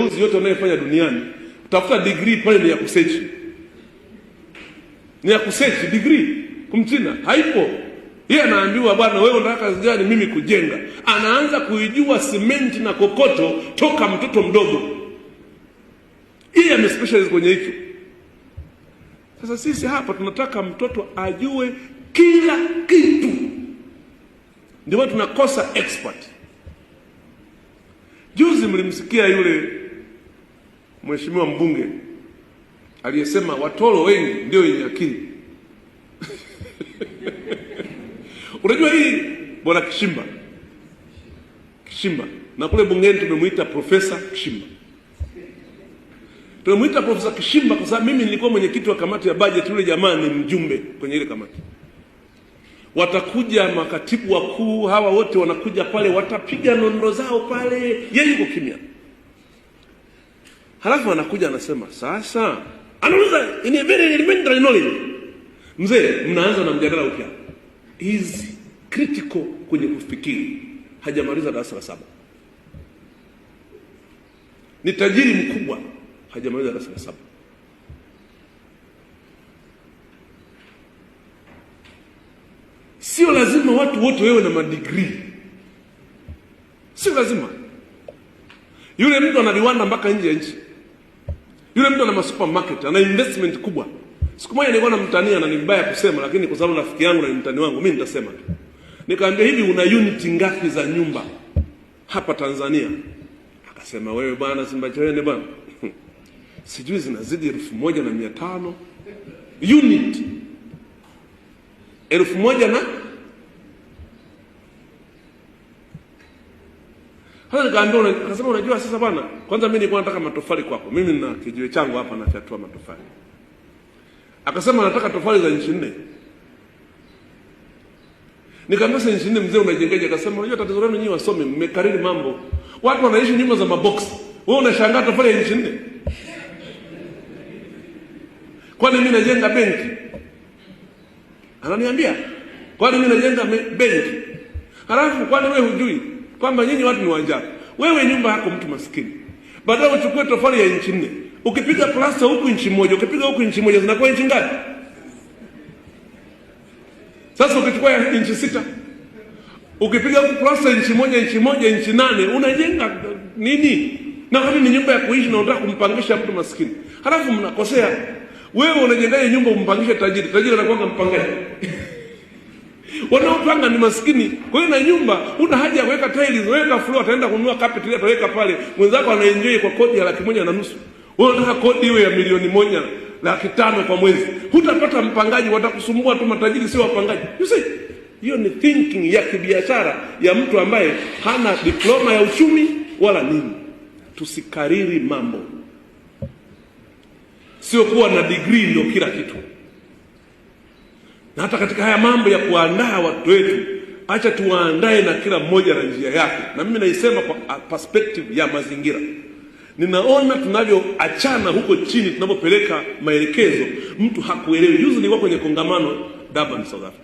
Mageuzi yote unayofanya duniani, utafuta degree pale ni ya kusechi, ni ya kusechi degree. Kumchina haipo, yeye anaambiwa bwana, wewe unataka kazi gani? Mimi kujenga. Anaanza kuijua simenti na kokoto toka mtoto mdogo, yeye amespecialize kwenye hicho. Sasa sisi hapa tunataka mtoto ajue kila kitu, ndio tunakosa expert. Juzi mlimsikia yule mheshimiwa mbunge aliyesema watoro wengi ndio wenye akili unajua hii bwana Kishimba Kishimba, na kule bungeni tumemwita profesa Kishimba, tumemwita profesa Kishimba kwa sababu mimi nilikuwa mwenyekiti wa kamati ya bajeti, yule jamaa ni mjumbe kwenye ile kamati. Watakuja makatibu wakuu hawa wote wanakuja pale, watapiga nondo zao pale, yeye yuko kimya. Halafu anakuja anasema sasa, anauliza in a very elementary knowledge. Mzee, mnaanza na mjadala upya, hizi critical kwenye kufikiri. Hajamaliza darasa la saba, ni tajiri mkubwa, hajamaliza darasa la saba. Sio lazima watu wote wewe na madigrii, sio lazima. Yule mtu ana viwanda mpaka nje ya nchi. Yule mtu ana masupermarket, ana investment kubwa. Siku moja nilikuwa namtania na ni mbaya kusema, lakini kwa sababu rafiki yangu na ni mtani wangu, mimi nitasema tu. Nikamwambia, hivi una unit ngapi za nyumba hapa Tanzania? Akasema, wewe bwana simbachene bwana sijui zinazidi elfu moja na mia tano unit elfu moja na Sasa una, kasema unajua sasa bwana, kwanza mimi nilikuwa nataka matofali kwako, mimi na kijiwe changu hapa na chatua matofali. Akasema nataka tofali za inchi nne. Nikamwambia inchi nne mzee, unajengeje? Akasema unajua tatizo lenu nyinyi wasome, mmekariri mambo, watu wanaishi nyumba za maboksi, wewe unashangaa tofali ya inchi nne? Kwani mimi najenga benki? Ananiambia kwani mimi najenga benki, halafu kwani wewe hujui kwamba nyinyi watu ni wanjani. Wewe nyumba yako mtu maskini, baadaye uchukue tofali ya inchi nne, ukipiga plasta huku inchi moja, ukipiga huku inchi moja, zinakuwa inchi ngapi? Sasa ukichukua inchi sita, ukipiga huku plasta inchi moja, inchi moja, inchi nane, unajenga nini? Na kama ni nyumba ya kuishi na unataka kumpangisha mtu maskini, halafu mnakosea. Wewe unajengaje nyumba umpangishe tajiri? Tajiri anakuwa mpangaji Wanaopanga ni maskini. Kwa hiyo na nyumba una haja ya kuweka tiles, weka floor, ataenda kununua carpet ile ataweka pale. Mwenzako anaenjoy kwa kodi ya laki moja na nusu. Wewe unataka kodi iwe ya milioni moja laki tano kwa mwezi. Hutapata mpangaji, watakusumbua tu. Matajiri sio wapangaji. You see? Hiyo ni thinking ya kibiashara ya mtu ambaye hana diploma ya uchumi wala nini. Tusikariri mambo. Sio kuwa na degree ndio kila kitu. Na hata katika haya mambo ya kuandaa watu wetu, acha tuwaandae na kila mmoja na njia yake, na mimi naisema kwa uh, perspective ya mazingira. Ninaona tunavyoachana huko chini tunapopeleka maelekezo, mtu hakuelewi. Juzi nilikuwa kwenye kongamano Durban, South Africa.